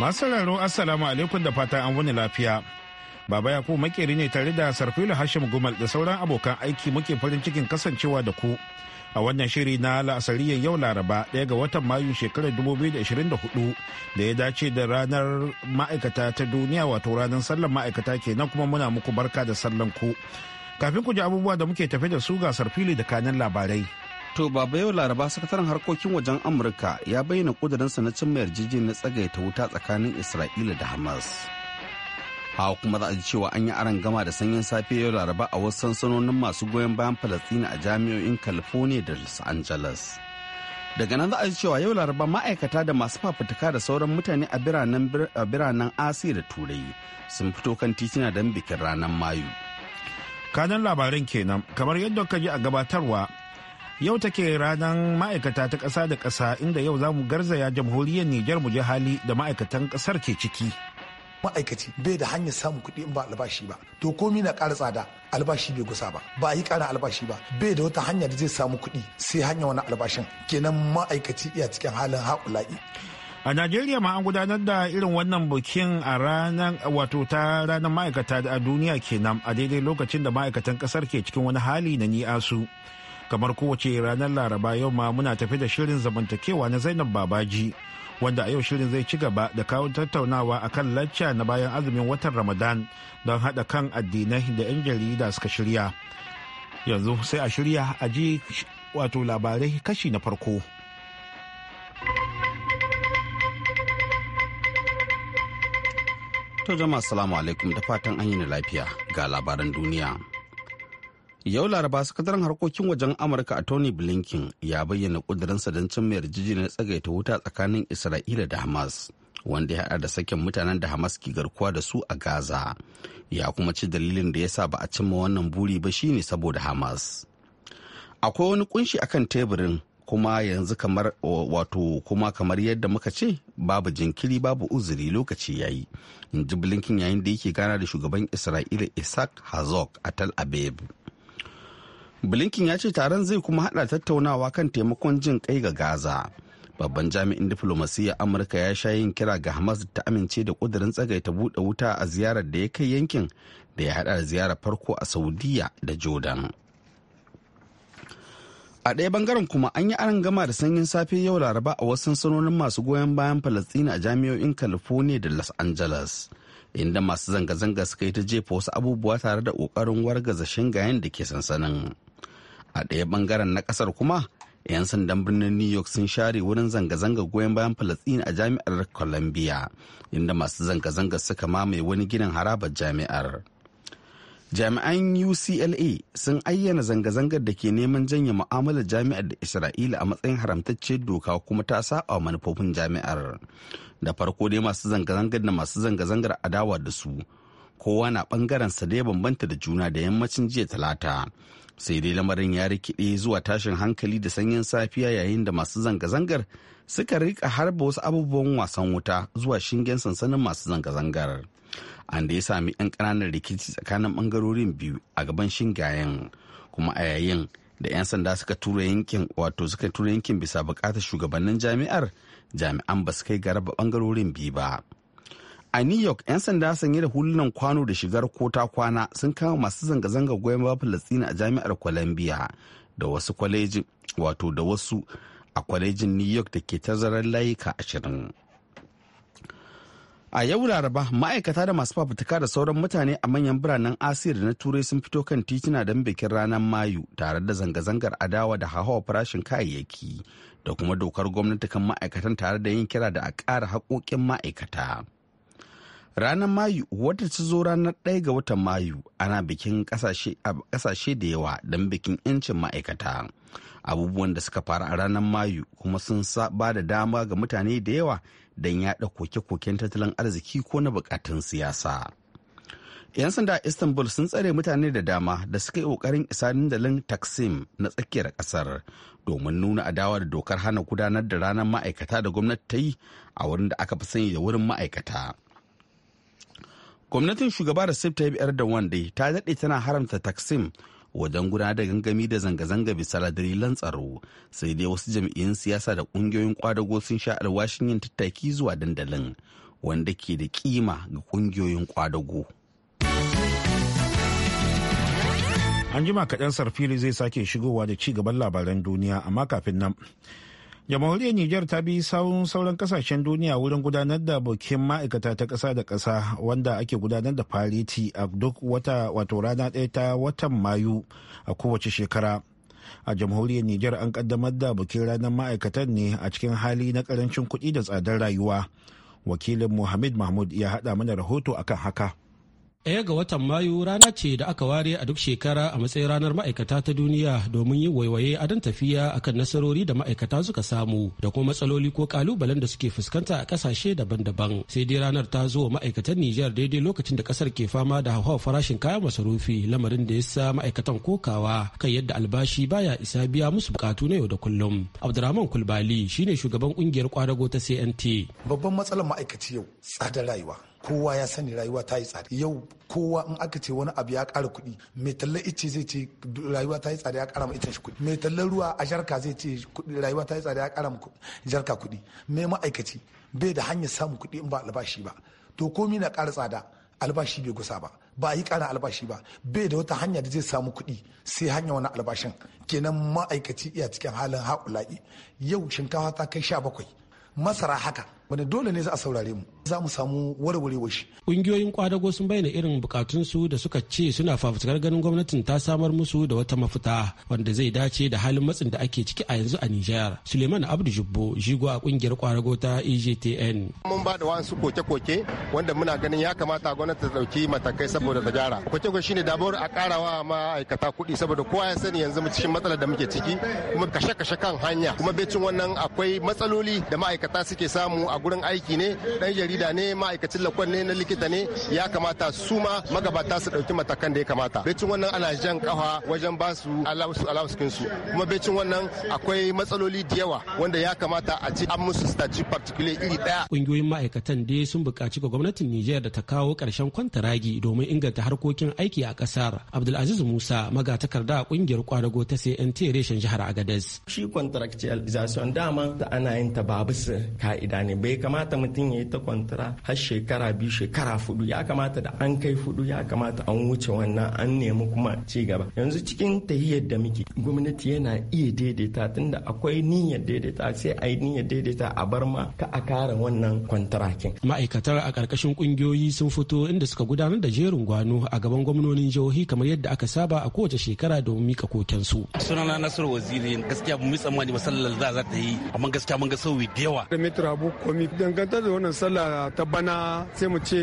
Masu sauraro Assalamu alaikum da fatan an wani lafiya. Baba Yakubu makeri ne tare da Sarfilu Hashim Gumal da sauran abokan aiki muke farin cikin kasancewa da ku. A wannan shiri na la'asariyar yau Laraba ɗaya ga watan Mayu shekarar 2024 da ya dace da ranar ma'aikata ta duniya wato ranar sallan ma'aikata kenan kuma muna muku barka da sallan ku. Kafin ku ji abubuwa da muke tafe da su ga Sarfilu da kanan labarai. To baba yau laraba sakataren harkokin wajen Amurka ya bayyana kudurinsa na cimma yarjejeniyar tsagaita wuta tsakanin Isra'ila da Hamas. Hawa kuma za a ji cewa an yi aron gama da sanyin safe yau laraba a wasu sansanonin masu goyon bayan Falastina a jami'o'in California da Los Angeles. Daga nan za a ji cewa yau laraba ma'aikata da masu fafutuka da sauran mutane a biranen Asiya da Turai sun fito kan titina don bikin ranar Mayu. Kanan labarin kenan kamar yadda ka ji a gabatarwa yau take ranar ma'aikata ta ƙasa da ƙasa inda yau za mu garzaya jamhuriyar Nijar mu ji hali da ma'aikatan ƙasar ke ciki. Ma'aikaci bai da hanyar samun kuɗi in ba albashi ba, to komi na ƙara tsada albashi bai gusa ba, ba a yi ƙara albashi ba, bai da wata hanya da zai samu kuɗi sai hanya wani albashin kenan ma'aikaci iya cikin halin haƙulaƙi. A Najeriya ma an gudanar da irin wannan bikin a ranar wato ta ranar ma'aikata a duniya kenan a daidai lokacin da ma'aikatan kasar ke cikin wani hali na ni'asu. kamar kowace ranar laraba yau ma muna tafi da shirin zamantakewa na zainab babaji wanda a yau shirin zai ci gaba da kawo tattaunawa a kan lacca na bayan azumin watan ramadan don haɗa kan addinai da 'yan jarida suka shirya yanzu sai a shirya a ji wato labarai kashi na farko to jama'a salamu alaikum da fatan an yi lafiya ga labaran duniya yau laraba sakataren harkokin wajen amurka a tony blinken ya bayyana kudurinsa don cimma yarjejeniyar tsagaita wuta tsakanin isra'ila da hamas wanda ya haɗa da sakin mutanen da hamas ke garkuwa da su a gaza ya kuma ci dalilin da ya sa ba a cimma wannan buri ba shi ne saboda hamas akwai wani kunshi akan teburin kuma yanzu kamar wato kuma kamar yadda muka ce babu jinkiri babu uzuri lokaci yayi in ji blinken yayin da yake gana da shugaban isra'ila isaac hazok a Tal aviv blinken ya ce taron zai kuma hada tattaunawa kan taimakon jin kai ga gaza babban jami'in diflomasiyyar amurka ya sha yin kira ga hamas ta amince da kudirin tsagaita buɗe wuta a ziyarar da ya kai yankin da ya hada da ziyarar farko a saudiya da jordan a ɗaya bangaren kuma an yi aron gama da sanyin safe yau laraba a wasu sansanonin masu goyon bayan falastina a jami'o'in california da los angeles inda masu zanga-zanga suka yi ta jefa wasu abubuwa tare da ƙoƙarin wargaza shingayen da ke sansanin a ɗaya bangaren na ƙasar kuma 'yan sandan birnin new york sun share wurin zanga-zanga goyon bayan falastin a jami'ar columbia inda masu zanga-zanga suka mamaye wani ginin harabar jami'ar jami'an ucla sun ayyana zanga-zangar da ke neman janye mu'amalar jami'ar da isra'ila a matsayin haramtacce doka kuma ta saba manufofin jami'ar da farko dai masu zanga-zangar da masu zanga-zangar adawa da su kowa na bangaren sa da ya bambanta da juna da yammacin jiya talata sai dai lamarin ya rikide zuwa tashin hankali da sanyin safiya yayin da masu zanga-zangar suka rika harba wasu abubuwan wasan wuta zuwa shingen sansanin masu zanga-zangar an da ya sami 'yan ƙananan rikici tsakanin ɓangarorin biyu a gaban shingayen kuma a yayin da 'yan sanda suka tura yankin wato suka tura yankin bisa bukatar shugabannin jami'ar jami'an ba su kai ga raba ɓangarorin biyu ba a new york 'yan sanda sanye da hulunan kwano da shigar kota kwana sun kama masu zanga-zanga goyon ba falastina a jami'ar columbia da wasu kwalejin wato da wasu a kwalejin new york da ke tazarar layuka ashirin a yau laraba ma'aikata da masu fafutuka da sauran mutane a manyan biranen asiya da na turai sun fito kan tituna don bikin ranar mayu tare da zanga-zangar adawa da hawa farashin kayayyaki da kuma dokar gwamnati kan ma'aikatan tare da yin kira da a ƙara haƙoƙin ma'aikata. ranar mayu wadda ta zo ranar ɗaya ga watan mayu ana bikin ƙasashe da yawa don bikin 'yancin ma'aikata abubuwan da suka faru a ranar mayu kuma sun ba da dama ga mutane da yawa don yaɗa koke-koken tattalin arziki ko na bukatun siyasa 'yan sanda a istanbul sun tsare mutane da dama da suka yi kokarin isa dandalin taksim na tsakiyar ƙasar domin nuna adawa da dokar hana gudanar da ranar ma'aikata da gwamnati ta yi a wurin da aka fi sani da wurin ma'aikata gwamnatin shugaba da sif tayyip erdogan dai ta daɗe tana haramta taksim wajen gudanar da gangami da zanga-zanga bisa dalilan tsaro sai dai wasu jam'iyyun siyasa da ƙungiyoyin kwadago sun sha alwashin yin tattaki zuwa dandalin wanda ke da kima ga ƙungiyoyin kwadago. an jima kaɗan sarfili zai sake shigowa da ci gaban labaran duniya amma kafin nan jamhuriyar niger ta bi sauran sauran kasashen duniya wurin gudanar da bukin ma'aikata ta ƙasa da ƙasa wanda ake gudanar da fariti a duk wata wato rana ɗaya ta watan mayu a kowace shekara a jamhuriyar niger an kaddamar da bukin ranar ma'aikatan ne a cikin hali na karancin kuɗi da tsadar rayuwa wakilin muhammad mahmud ya haɗa mana rahoto akan haka ɗaya ga watan mayu rana ce da aka ware a duk shekara a matsayin ranar ma'aikata ta duniya domin yin waiwaye a dan tafiya kan nasarori da ma'aikata suka samu da kuma matsaloli ko kalubalen da suke fuskanta a kasashe daban-daban sai dai ranar ta zo ma'aikatan nijar daidai lokacin da kasar ke fama da hauhawar farashin kayan masarufi lamarin da ya sa ma'aikatan kokawa kan yadda albashi baya isa biya musu bukatu na yau da kullum abdurrahman kulbali shine shugaban kungiyar kwadago ta cnt babban matsalar ma'aikaci yau tsadar rayuwa kowa ya sani rayuwa ta yi tsada yau kowa in aka ce wani abu ya ƙara kuɗi mai talla ice zai ce rayuwa ta yi tsada ya ƙara ma ita shi kuɗi mai talla ruwa a jarka zai ce rayuwa ta yi tsada ya ƙara ma jarka kuɗi mai ma'aikaci bai da hanyar samun kuɗi in ba albashi ba to komi na ƙara tsada albashi bai gusa ba ba a yi kara albashi ba bai da wata hanya da zai samu kuɗi sai hanya wani albashin kenan ma'aikaci iya cikin halin haƙulaƙi yau shinkafa ta kai sha bakwai masara haka wanda dole ne za a saurare mu za mu samu warwarewa shi. Ƙungiyoyin kwadago sun bayyana irin bukatunsu da suka ce suna fafutukar ganin gwamnatin ta samar musu da wata mafita wanda zai dace da halin matsin da ake ciki a yanzu a Nijar. Suleiman Abdu Jubbo jigo a ƙungiyar kwadago ta EJTN. Mun ba da wasu koke-koke wanda muna ganin ya kamata gwamnati ta ɗauki matakai saboda ta gyara. Koke-koke shine dabar a ƙarawa ma'aikata kuɗi saboda kowa ya sani yanzu cikin matsalar da muke ciki kuma kashe-kashe kan hanya kuma becin wannan akwai matsaloli da ma'aikata suke samu a gurin aiki ne dan jarida ne ma'aikacin lakon ne na likita ne ya kamata su ma magabata su ɗauki matakan da ya kamata becin wannan ana jan kafa wajen ba su kuma becin wannan akwai matsaloli da yawa wanda ya kamata a ci an musu staci particular iri daya kungiyoyin ma'aikatan dai sun buƙaci ga gwamnatin Nijar da ta kawo ƙarshen kwantaragi domin inganta harkokin aiki a ƙasar Abdulaziz Musa magatakarda a kungiyar kwadago ta CNT reshen jihar Agadez shi contractualization dama da ana yin ta babu ka'ida ne bai kamata mutum ya yi ta kwantara har shekara biyu shekara fudu ya kamata da an kai fudu ya kamata an wuce wannan an nemi kuma ci gaba yanzu cikin tahiyar da muke gwamnati yana iya daidaita tunda akwai niyyar daidaita sai a yi niyyar daidaita a bar ma ka a kara wannan kwantarakin ma'aikatar a karkashin ƙungiyoyi sun fito inda suka gudanar da jerin gwano a gaban gwamnonin jihohi kamar yadda aka saba a kowace shekara domin mika su. sunana nasiru waziri gaskiya mu tsammani masallar da za ta yi amma gaskiya mun ga sauyi da yawa mu danganta da wannan sallah ta bana sai mu ce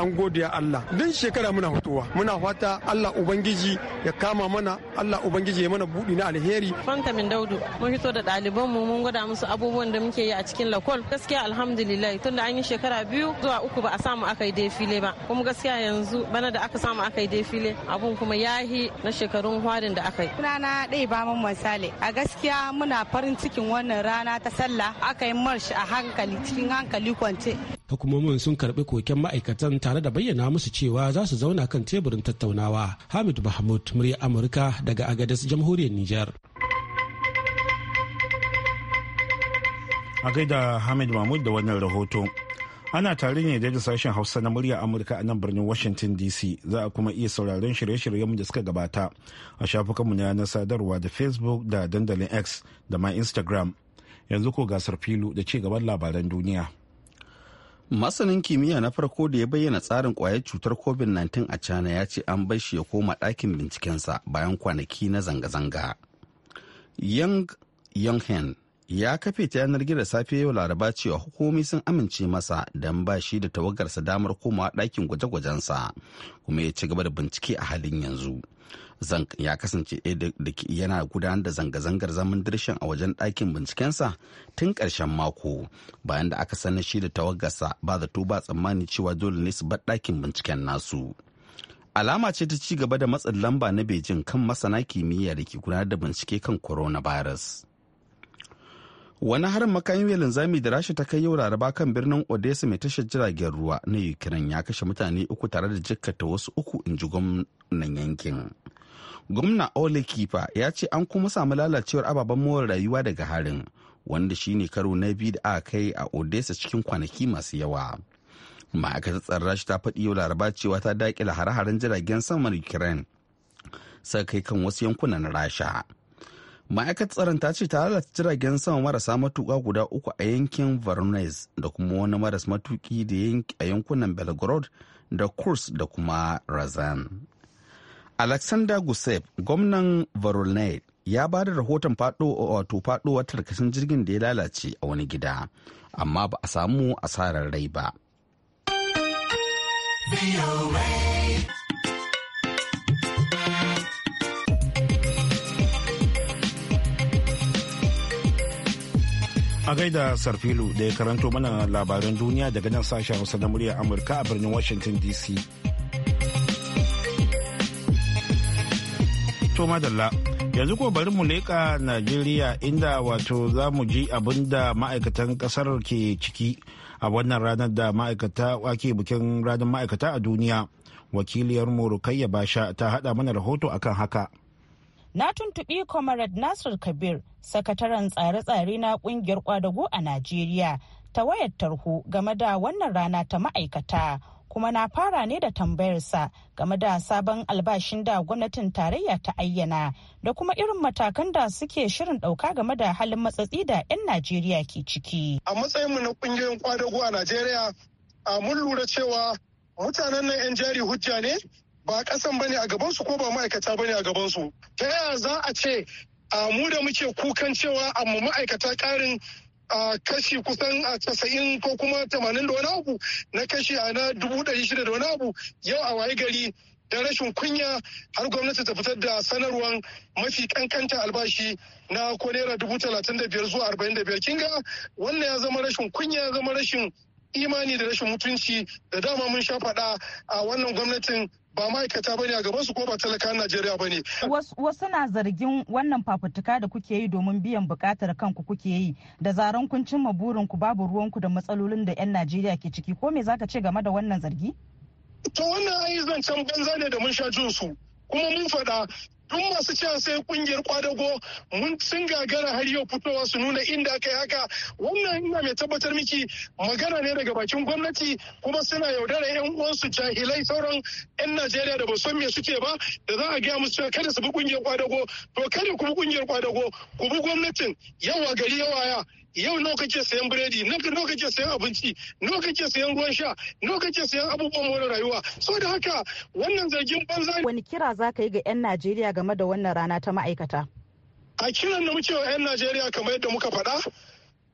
an gode Allah duk shekara muna hutuwa muna fata Allah ubangiji ya kama mana Allah ubangiji ya mana budi na alheri fanta min daudu mun fito da daliban mu mun gwada musu abubuwan da muke yi a cikin lakol gaskiya alhamdulillah tunda an yi shekara biyu zuwa uku ba a samu akai defile ba kuma gaskiya yanzu bana da aka samu aka yi defile abun kuma yahi na shekarun hwarin da aka yi na dai ba mun misali a gaskiya muna farin cikin wannan rana ta sallah aka yi marsh a hankali cikin hankali kwance. Hukumomin sun karɓi koken ma'aikatan tare da bayyana musu cewa za su zauna kan teburin tattaunawa. Hamid Mahmud, murya Amurka daga Agadez, Jamhuriyar Nijar. A gaida Hamid Mahmud da wannan rahoto. Ana tare ne da sashen Hausa na murya Amurka a nan birnin Washington DC za a kuma iya sauraron shirye-shiryenmu da suka gabata a shafukanmu na yanar sadarwa da Facebook da dandalin X da ma Instagram. yanzu ko gasar filu da ci gaban labaran duniya. masanin kimiyya na farko da ya bayyana tsarin kwayar cutar covid-19 a china ya ce an bai shi ya koma ɗakin bincikensa bayan kwanaki na zanga-zanga yang yonghen ya kafe ta yanar gida safe yau laraba cewa hukumomi sun amince masa don ba shi da tawagarsa damar komawa ɗakin gwaje-gwajensa kuma ya ci gaba da bincike a halin yanzu. ya kasance eh, yana gudanar da zanga-zangar zaman dirshan a wajen ɗakin bincikensa tun ƙarshen mako bayan da aka sanar shi da tawagarsa ba zato ba tsammani cewa dole ne su bar ɗakin binciken nasu alama ce ta ci gaba da matsin lamba na beijing kan masana kimiyya da ke gudanar da bincike kan coronavirus wani harin makayin mai linzami da rasha ta kai yau laraba kan birnin odessa mai tashar jiragen ruwa na ukraine ya kashe mutane uku tare da jikkata wasu uku in ji gwamnan yankin gwamna ole kifa ya ce an kuma samu lalacewar ababen more rayuwa daga harin wanda shine karo na biyu da aka kai a odessa cikin kwanaki masu yawa ma'aikatar tsaron rasha ta faɗi yau laraba cewa ta daƙila hare-haren jiragen saman ukraine Sa kai kan wasu yankunan rasha ma'aikatar tsaron ta ce ta lalata jiragen sama marasa matuka guda uku a yankin varnes da kuma wani maras matuki da a yankunan belgorod da kurs da kuma razan alexander gusev gwamnan voronezh ya ba da rahoton wato faɗowar tarkacin jirgin da ya lalace a wani gida amma ba a samu asarar rai ba. A gaida Sarfilu da ya karanto mana labaran duniya daga nan sashen Hausa na muryar Amurka a birnin Washington DC. To yanzu ko bari mu leƙa Najeriya inda wato za mu ji abin da ma'aikatan ƙasar ke ciki a wannan ranar da ma'aikata ake bikin ranar ma'aikata a duniya. Wakiliyar Rukayya Basha ta haɗa mana rahoto akan haka. na tuntuɓi comrade nasir kabir sakataren tsare-tsare na ƙungiyar kwadago a najeriya ta wayar tarho game da wannan rana ta ma'aikata kuma na fara ne da tambayarsa game da sabon albashin da gwamnatin tarayya ta ayyana da kuma irin matakan da suke shirin ɗauka game da halin matsatsi da 'yan najeriya ke ciki a matsayinmu na ƙungiyoyin kwadago a najeriya mun lura cewa mutanen nan 'yan jari hujja ne ba kasan bane a gaban su ko ba ma'aikata bane a gaban su. ta yaya za a ce mu da muke kukan cewa amma ma'aikata karin kashi kusan a casa'in ko kuma tamanin da wani abu na kashi a na dubu ɗari shida da wani abu yau a waye gari da rashin kunya har gwamnati ta fitar da sanarwar mafi kankanta albashi na ko naira dubu talatin da biyar zuwa arba'in da biyar kinga wannan ya zama rashin kunya ya zama rashin imani da rashin mutunci da dama mun sha faɗa a wannan gwamnatin ba ma'aikata bane a gaban su ko ba talakan Najeriya bane. Wasu na zargin wannan fafutuka da kuke yi domin biyan bukatar kanku kuke yi da zaran kun cimma burin ku babu ruwanku da matsalolin da 'yan Najeriya ke ciki ko me zaka ce game da wannan zargi? To wannan ai zancen banza ne da mun sha jin su kuma mun faɗa duk masu cewa sai kungiyar kwadago mun sun gagara har yau fitowa su nuna inda aka yi haka wannan ina mai tabbatar miki magana ne daga bakin gwamnati kuma suna yaudara yan uwansu jahilai sauran yan najeriya da ba san me suke ba da za a gaya musu cewa kada su bi kungiyar kwadago to kada ku bi kungiyar kwadago ku bi gwamnatin yawa gari yawa ya yau nawa kake sayan biredi nawa kake sayan abinci nawa kake sayan ruwan sha nawa kake sayan abubuwan more rayuwa da haka wannan zargin banza ne. wani kira za ka yi ga 'yan Najeriya game da wannan rana ta ma'aikata a kiran da muke wa 'yan Najeriya kamar yadda muka faɗa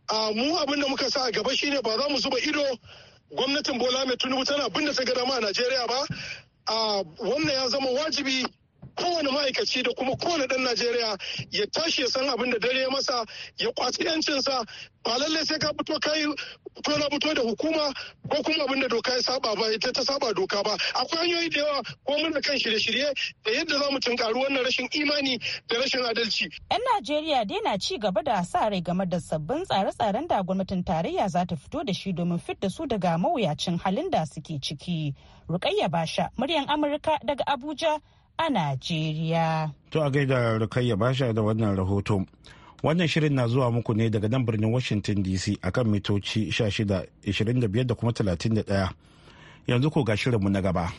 a mu abin da muka sa a gaba shine ba za mu zuba ido gwamnatin Bola Mai tunubu tana abin da ta gada ma a Najeriya ba a wannan ya zama wajibi kowane ma'aikaci da kuma kowane ɗan Najeriya ya tashi ya san abin da dare masa ya kwaci 'yancinsa ba lallai sai ka fito kai ko na fito da hukuma ko kuma abin da doka ya saba ba ita ta saba doka ba akwai hanyoyi da yawa ko muna kan shirye-shirye da yadda za mu tunkari wannan rashin imani da rashin adalci. 'Yan Najeriya dai na ci gaba da sa rai game da sabbin tsare-tsaren da gwamnatin tarayya za ta fito da shi domin fit da su daga mawuyacin halin da suke ciki. Rukayya Basha, muryan Amurka daga Abuja, a Najeriya. To a gaida Rukayya Basha da wannan rahoto. Wannan shirin na zuwa muku ne daga nan birnin Washington DC a kan mitoci 16, 25 da kuma 31. Yanzu ko ga shirinmu na gaba.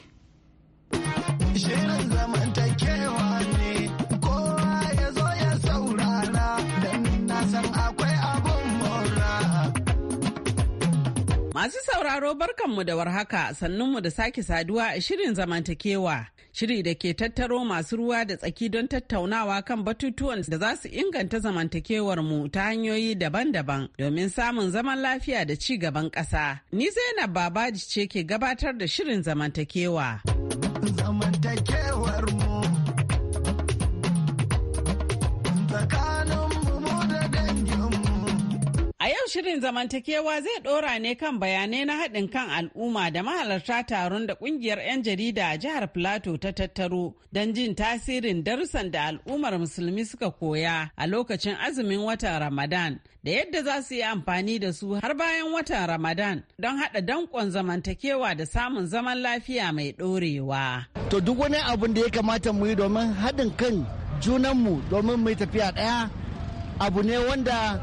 Masu sauraro barkanmu da warhaka sannunmu da sake saduwa a shirin zamantakewa. Shiri da ke tattaro masu ruwa da tsaki don tattaunawa kan batutuwan da za su inganta zamantakewar mu ta hanyoyi daban-daban domin samun zaman lafiya da ci gaban ƙasa. Ni Zainab Babaji ce ke gabatar da shirin zamantakewa. shirin zamantakewa zai ɗora ne kan bayanai na haɗin kan al'umma da mahalarta taron da ƙungiyar 'yan jarida a jihar Plateau ta tattaro don jin tasirin darussan da al'ummar musulmi suka koya a lokacin azumin watan Ramadan da yadda za su yi amfani da su har bayan watan Ramadan don haɗa danƙon zamantakewa da samun zaman lafiya mai ɗorewa. To duk wani abin da ya kamata mu yi domin haɗin kan junanmu domin mu tafiya ɗaya abu ne wanda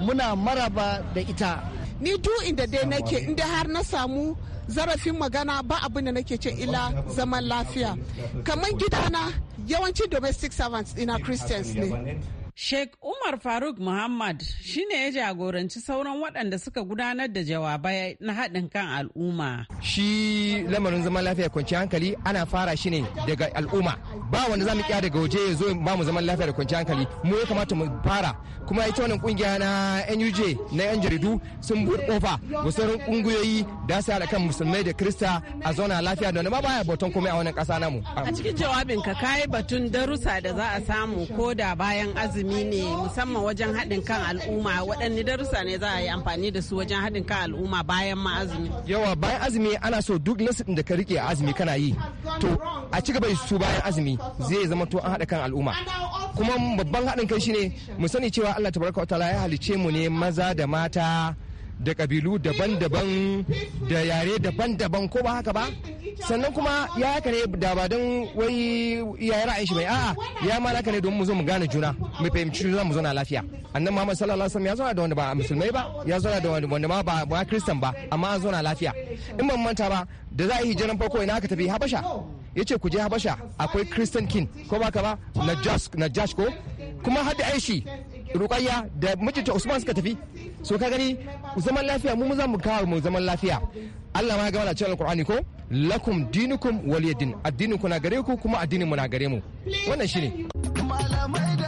muna maraba da ita ni duk inda dai nake inda har na samu zarafin magana ba abin da nake ce ila zaman lafiya kamar gidana yawancin domestic servants ina christians ne Sheikh Umar Faruk Muhammad shine ya jagoranci sauran waɗanda suka gudanar da jawabai na haɗin kan al'umma. Shi lamarin zaman lafiya kwanciyar hankali ana fara shi ne daga al'umma. Ba wanda za mu kya daga waje ya zo ba mu zaman lafiya da kwanciyar hankali. Mu ya kamata mu fara. Kuma ita wannan kungiya na NUJ na 'yan jaridu sun buɗe ƙofa. ga sauran da su haɗa kan musulmai da Kirista a zauna lafiya da wani ba baya bautan komai a wannan ƙasa namu. A cikin jawabinka yi batun darussa da za a samu ko da bayan azumi. ilimi ne musamman wajen haɗin kan al'umma waɗanne darussa ne za a yi amfani da su wajen haɗin kan al'umma bayan ma azumi yawa bayan azumi ana so duk lasin da ka rike azumi kana yi to a ci gaba su bayan azumi zai zama to an haɗa kan al'umma kuma babban haɗin kai shine mu sani cewa Allah tabaraka wa ta'ala ya halice mu ne maza da mata da kabilu daban-daban da yare daban-daban ko ba haka ba sannan kuma ya haka ne da ba don wai ya ra'ayin shi mai a'a ya ma haka ne don mu zo mu gane juna mu fahimci juna mu zauna lafiya annan Muhammad sallallahu alaihi wasallam ya zauna da wanda ba musulmai ba ya zauna da wanda ma ba ba kristan ba amma an zauna lafiya in ban manta ba da za a yi hijiran farko ina aka tafi Habasha ya ce ku je habasha akwai kristan king ko ba ka ba na josh ko kuma hada aishi rukayya da mijinta usman suka tafi so ka gani zaman lafiya mu za mu kawo mu zaman lafiya allah ma ya gama da cewa alkur'ani ko lakum dinukum waliyadin addinin ku na gare ku kuma addinin mu na gare mu wannan shine malamai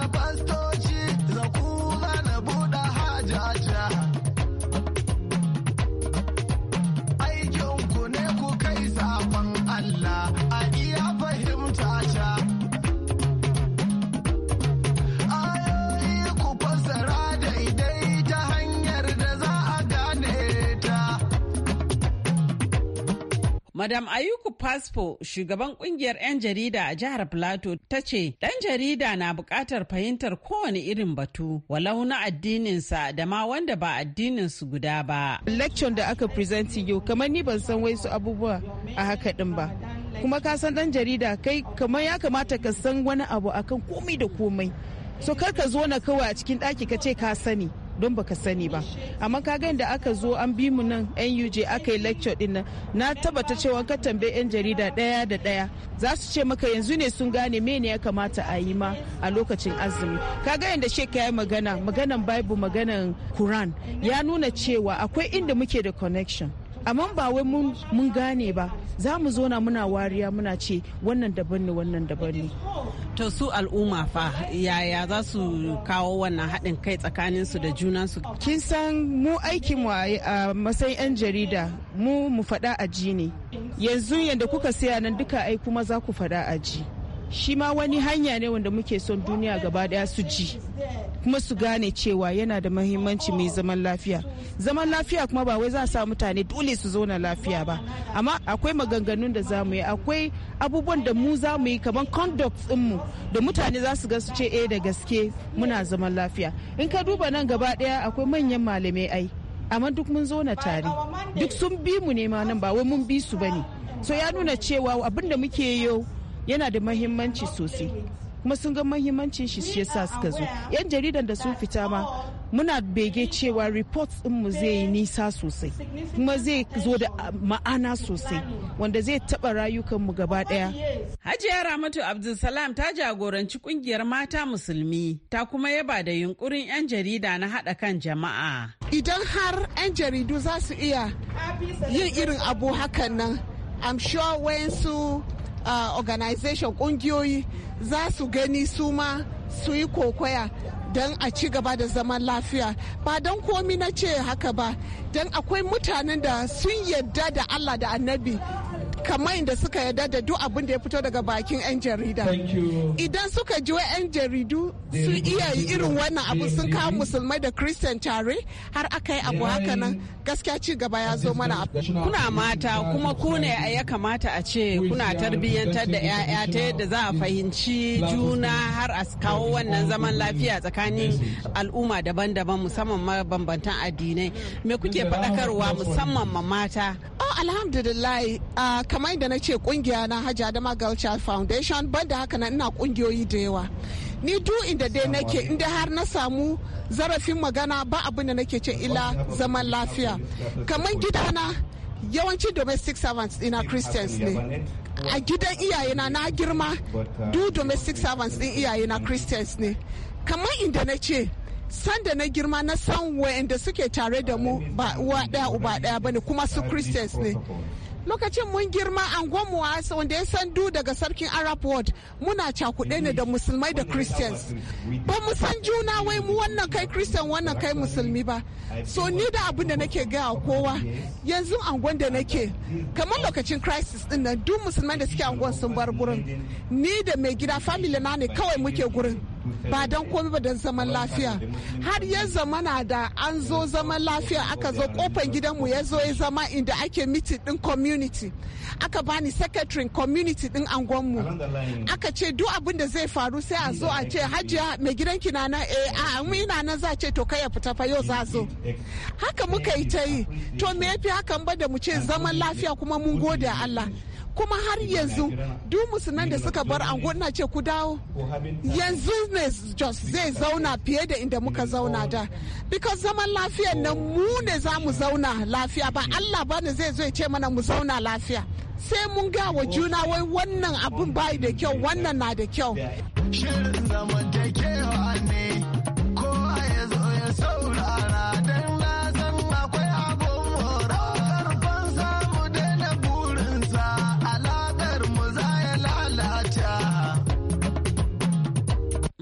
Madam Ayuku Paspo, shugaban kungiyar 'yan jarida a jihar Plateau, ta ce ɗan jarida na bukatar fahimtar kowane irin batu, walau na addininsa da ma wanda ba addininsu guda ba. Lecture da aka presenti yau, kamar ni ban san waisu abubuwa a haka ɗin ba. Kuma ka san ɗan jarida kai kamar ya kamata ka san wani abu akan komai da komai. So kar ka zo na kawai a cikin ɗaki ka ce ka sani. don baka sani ba amma ka ga da aka zo an bi mu nan nuj aka yi lecture din nan na tabbata cewa ka tambaye yan jarida daya da daya za su ce maka yanzu ne sun gane mene ya kamata a yi ma a lokacin azumi ka ga yanda she ya magana maganan bible maganan quran ya nuna cewa akwai inda muke da connection amma ba wai mun gane ba za mu zo na muna wariya muna ce wannan daban ne wannan daban ne to su al'umma fa yaya za su kawo wannan haɗin kai tsakanin su da juna su kin san mu aikin mu a matsayin yan jarida mu mu faɗa aji ne yanzu yadda kuka siya nan duka ai kuma za ku faɗa aji shi ma wani hanya ne wanda muke son duniya gaba daya su ji kuma su gane cewa yana da mahimmanci mai zaman lafiya zaman lafiya kuma ba wai za sa mutane dole su zauna lafiya ba amma akwai maganganun da za mu yi akwai abubuwan da mu za mu yi kamar conduct mu da mutane za su ga su ce eh da gaske muna zaman lafiya in ka duba nan gaba daya akwai manyan malamai ai amma duk mun zauna tare duk sun bi mu ne ma nan ba wai mun bi su bane so ya nuna cewa abin da muke yau yana da mahimmanci sosai kuma sun ga mahimmancin shi shi yasa suka zo yan jaridan da sun fita ma muna bege cewa report mu zai yi nisa sosai kuma zai zo da ah, ma'ana sosai wanda zai taɓa rayukanmu gaba ɗaya. hajiya ramatu abdulsalam ta jagoranci kungiyar mata musulmi ta kuma yaba da yunkurin 'yan jarida na haɗa kan jama'a idan har 'yan jaridu za su iya yin irin abu hakan nan i'm sure wayansu organization kungiyoyi za su gani su ma su yi kokoya don a ci gaba da zaman lafiya ba don komi na ce haka ba don akwai mutanen da sun yadda da allah da annabi kamar da suka yarda da duk abin da ya fito daga bakin 'yan jarida idan suka ji wa 'yan jaridu su iya yi irin wannan abu sun kawo musulmai da christian tare har aka yi abu haka nan gaskiya ci gaba ya zo mana kuna mata kuma ku ne ya kamata a ce kuna tarbiyyantar da 'ya'ya ta yadda za a fahimci juna har a kawo wannan zaman lafiya tsakanin al'umma daban-daban musamman mabambantan addinai me kuke faɗakarwa musamman ma mata oh, alhamdulillah ah, kamar da na ce kungiya na hajji adama girl child foundation banda haka na ina kungiyoyi da yawa ni du inda dai nake inda har na samu zarafin magana ba abin da nake ce ila zaman lafiya kamar gidana yawanci domestic servants ina christians ne a gidan iyayena na girma du domestic servants din iyayena christians ne kamar inda na ce sanda na girma na san wa'anda suke tare da mu ba uwa daya uba daya bane kuma su christians ne lokacin mun girma angonmu wanda ya san du daga sarkin arab world muna cakuɗe ne da musulmai da christians ba mu san juna wai mu wannan kai christian wannan kai musulmi ba so ni da abin da nake gaya kowa yanzu angon da nake kamar lokacin crisis din nan du musulmai da suke angon sun bar gurin ni da mai gida family na ne kawai muke gurin ba don komi ba don zaman lafiya har ya zamana da an zo zaman lafiya aka zo kofan gidanmu ya zo ya zama inda ake miti din community aka bani secretary community din angonmu aka ce duk abin da zai faru sai a zo a ce hajiya mai gidanki na nan eh a ina nan za ce to kai ya fita fa yau za zo haka muka yi ta yi to me yafi hakan ba da mu ce zaman lafiya kuma mun gode Allah kuma har yanzu duk musulman da suka bar ango na ce ku dawo yanzu ne jos zai zauna fiye da inda muka zauna da because zaman lafiya nan mu ne za mu zauna lafiya ba allah ba ne zai zo ya ce mana mu zauna lafiya sai mun ga wa juna wai wannan abin bai da kyau wannan na da kyau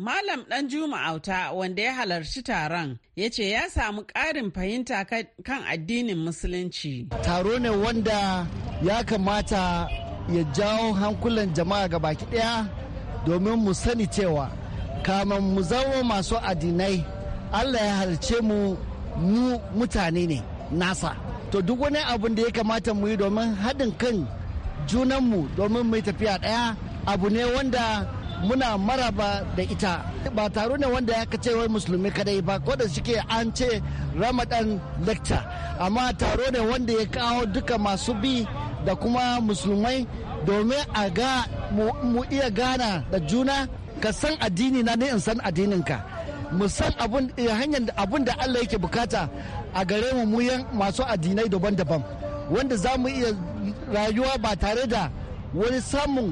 Malam ɗan juma'auta wanda ya halarci taron ya ce ya samu ƙarin fahimta kan addinin Musulunci. Taro ne wanda ya kamata ya jawo hankulan jama'a ga baki ɗaya domin mu sani cewa kamar mu zama masu addinai Allah ya halarce mu mu mutane ne nasa. To duk wani abin da ya kamata mu yi domin haɗin kan junanmu domin mu tafiya ɗaya abu ne wanda muna maraba da ita ba taro ne wanda ya ce wai musulmi kadai ba ko da suke an ce ramadan lecture amma taro ne wanda ya kawo duka masu bi da kuma musulmai domin a ga mu iya gana da juna ka san addini na ne in san addininka mu san abun eh, hanyar abun da Allah yake bukata a gare mu mu masu addinai daban-daban wanda za mu iya rayuwa ba tare da wani samun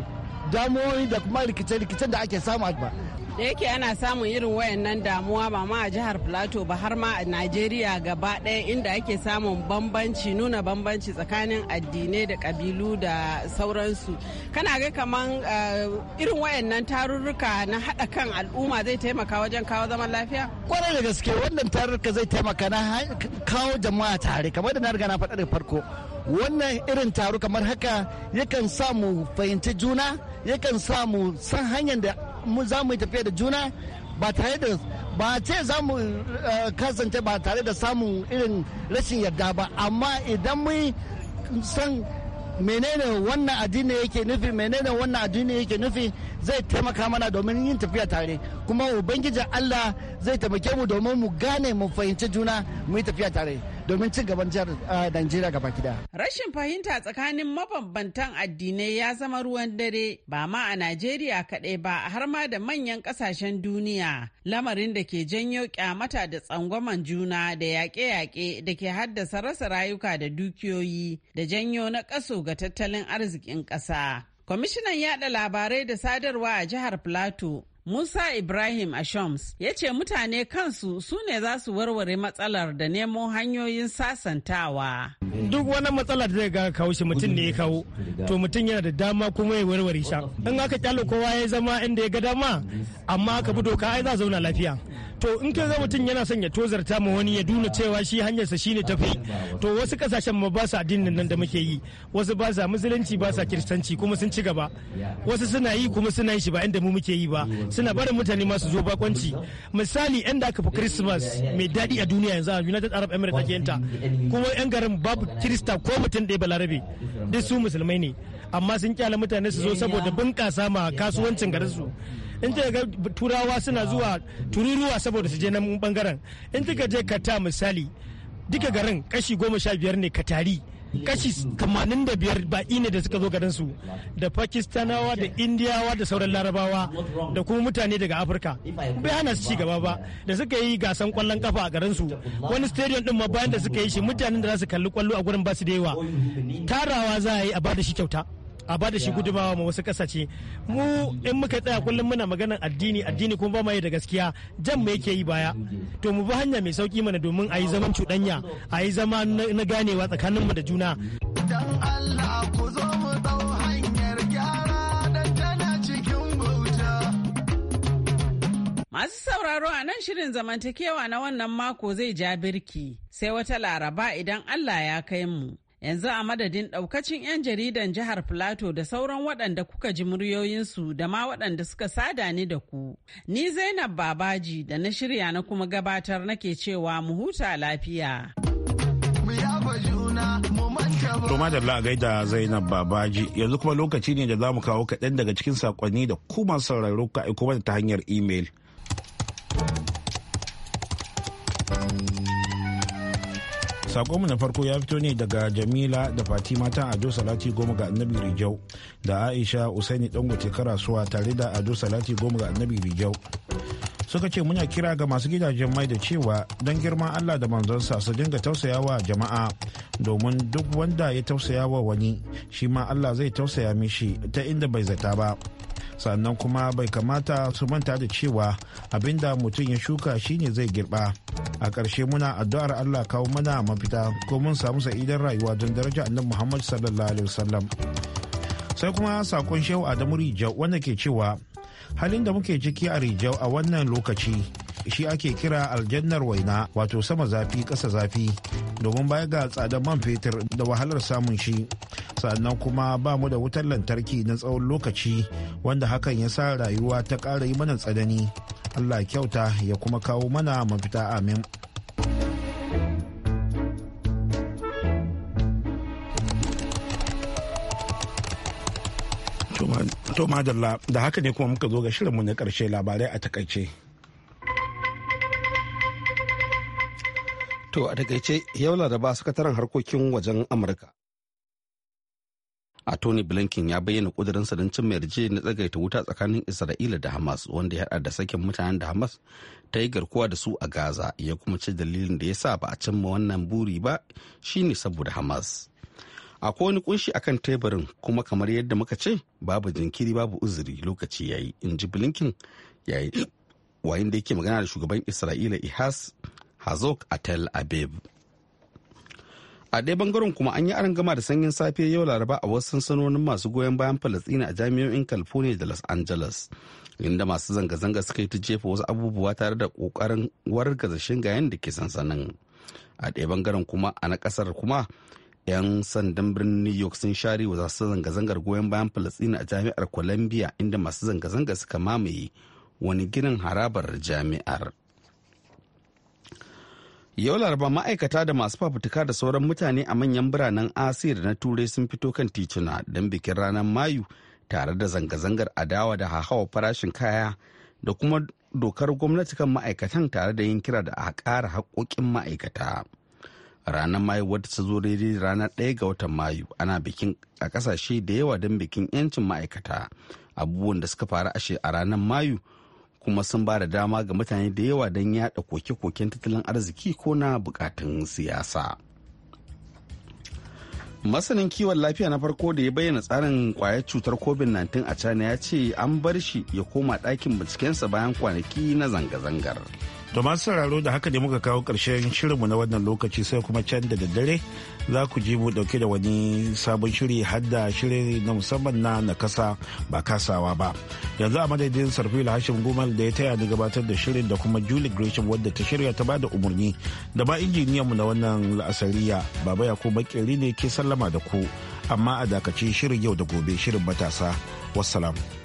damuwoyi da kuma rikice-rikicen da ake samu ba da yake ana samun irin wayannan damuwa ba ma a jihar plateau ba har ma a najeriya gaba ɗaya inda ake samun bambanci nuna bambanci tsakanin addinai da ƙabilu da sauransu kana ga kaman eh, irin wayannan tarurruka na haɗa kan al'umma zai taimaka wajen kawo zaman lafiya kwarai da gaske wannan tarurruka zai taimaka na kawo jama'a tare kamar da na riga na faɗa da farko wannan irin taro kamar haka yakan samu fahimci juna yakan sa mu san hanyar da mu za mu tafiya da juna ba tare da ba ce za mu eh, kasance ba tare da samun irin rashin yarda ba amma idan mu san menene wannan addini yake nufi menene wannan addini yake nufi zai taimaka mana domin yin tafiya tare kuma ubangiji Allah zai taimake mu domin mu gane mu fahimci juna mu yi tafiya tare domin cin gaban jihar Najeriya gaba kida. Rashin fahimta tsakanin mabambantan addinai ya zama ruwan dare ba ma a Najeriya kadai ba har ma da manyan kasashen duniya. lamarin da ke janyo kyamata da tsangwaman juna da yaƙe-yaƙe da ke haddasa rasa rayuka da dukiyoyi da janyo na ƙaso ga tattalin arzikin ƙasa. Kwamishinan Yaɗa labarai da sadarwa a jihar Plateau Musa Ibrahim Ashoms ya ce mutane kansu su ne za su warware matsalar da nemo hanyoyin sasantawa. duk wani matsala da zai ga kawo shi mutum ne ya kawo to mutum yana da dama kuma ya warware sha in aka kyale kowa ya zama inda ya ga dama amma aka bi doka ai za zauna lafiya to in ka ga mutum yana son ya tozarta ma wani ya duna cewa shi hanyarsa shine tafi to wasu kasashen ma ba su addinin nan da muke yi wasu ba sa musulunci ba sa kiristanci kuma sun ci gaba wasu suna yi kuma suna yin shi ba inda mu muke yi ba suna barin mutane masu zo bakonci misali yan da aka fi christmas mai daɗi a duniya yanzu a united arab emirates ake yanta kuma yan garin babu kirista ko mutum ɗaya balarabe duk su musulmai ne amma sun kyala mutane su zo saboda bunƙasa ma kasuwancin garinsu in ta ga turawa suna zuwa tururuwa saboda su je nan bangaren in ta je kata misali duka garin kashi goma sha biyar ne katari kashi da biyar ba ne da suka zo garin su da pakistanawa da indiyawa da sauran larabawa da kuma mutane daga afirka bai hana su ci gaba ba da suka yi gasan kwallon kafa a garin su wani stadium din ma bayan da suka yi shi mutanen da za su kalli kwallo a gurin ba su da yawa tarawa za a yi a ba da shi kyauta a ba da shi gudumawa ma wasu kasashe mu in muka tsaya kullum muna maganar addini addini kuma ba mu da gaskiya jan mu yake yi baya to mu bi hanya mai sauki mana domin a yi zaman cuɗanya a yi zama na ganewa tsakaninmu da juna Allah ku gyara tana cikin Masu sauraro a nan shirin zamantakewa na wannan mako zai ja birki sai wata laraba idan Allah ya kai mu. Yanzu a madadin ɗaukacin 'yan jaridan jihar plateau da sauran waɗanda kuka ji muryoyinsu da ma waɗanda suka sada ni da ku. Ni Zainab Babaji da na shirya na kuma gabatar nake cewa mu huta lafiya. To madalla a gaida Zainab Babaji yanzu kuma lokaci ne da za mu kawo kaɗan daga cikin saƙonni da kuma sauraro ka aiko mana ta hanyar imel. sakonmu na farko ya fito ne daga jamila da fatima ta ado salati goma ga annabi rijau da aisha usaini dangote karasuwa tare da ado salati goma ga annabi rijau suka ce muna kira ga masu gidajen mai da cewa don girman allah da manzonsa su dinga tausayawa jama'a domin duk wanda ya tausayawa wani shi ma allah zai tausaya mishi ta inda bai zata ba sannan kuma bai kamata su manta da cewa abinda mutum ya shuka shine zai girba a ƙarshe muna addu'ar allah kawo mana mafita ko mun samu sa'idan rayuwa don daraja annabi muhammad sallallahu alaihi wasallam sai kuma sakon shehu adamu rijau wanda ke cewa halin da muke ciki a rijau a wannan lokaci shi ake kira aljannar waina wato sama zafi ƙasa zafi domin baya ga tsadar man fetur da wahalar samun shi sannan kuma ba mu da wutar lantarki na tsawon lokaci wanda hakan ya sa rayuwa ta ƙara yi mana tsanani allah kyauta ya kuma kawo mana mafita amin to madalla da haka ne kuma muka zo ga shirinmu na karshe labarai a takaice to a takaice yau laraba sakataren harkokin wajen amurka a tony blinken ya bayyana kudurinsa don cin yarje na tsagaita wuta tsakanin isra'ila da hamas wanda ya hada da sakin mutanen da hamas ta yi garkuwa da su a gaza ya kuma ci dalilin da ya sa ba a cimma wannan buri ba shine saboda hamas akwai wani kunshi akan teburin kuma kamar yadda muka ce babu jinkiri babu uzuri lokaci yayi in ji blinken yayi wayin da yake magana da shugaban isra'ila ihas hazok a tel abeb a ɗaya bangaren kuma an yi gama da sanyin safe yau laraba a wasu sansanonin masu goyon bayan falastina a jami'o'in california da los angeles inda masu zanga-zanga suka yi ta jefa wasu abubuwa tare da kokarin wargaza shingayen da ke sansanin a ɗaya bangaren kuma a na ƙasar kuma 'yan sandan birnin new york sun share wa zasu zanga-zangar goyon bayan falastina a jami'ar columbia inda masu zanga-zanga suka mamaye wani ginin harabar jami'ar Yau laraba ma'aikata da masu fafutuka da sauran mutane a manyan biranen asir na Turai sun fito kan tituna don bikin ranar Mayu tare da zanga-zangar adawa da hahawa farashin kaya da kuma dokar gwamnati kan ma'aikatan tare da yin kira da a ƙara haƙoƙin ma'aikata. Ranar Mayu wadda ta zo daidai ranar ɗaya ga watan Mayu ana bikin a ƙasashe da yawa don bikin 'yancin ma'aikata. Abubuwan da suka faru a ranar Mayu kuma sun ba da dama ga mutane da yawa don yada koke-koken tattalin arziki ko na bukatun siyasa. masanin kiwon lafiya na farko da ya bayyana tsarin kwayar cutar covid-19 a china ya ce an bar shi ya koma ɗakin bincikensa bayan kwanaki na zanga-zangar To masu sauraro da haka ne muka kawo ƙarshen shirinmu na wannan lokaci sai kuma can da daddare za ku ji mu ɗauke da wani sabon shiri hadda shiri na musamman na nakasa ba kasawa ba. Yanzu a madadin sarfila hashim gumal da ya taya ni gabatar da shirin da kuma Julie Gresham wadda ta shirya ta da umarni da ba mu na wannan la'asariya baba ya ko makeri ne ke sallama da ku amma a dakace shirin yau da gobe shirin matasa. Wassalam.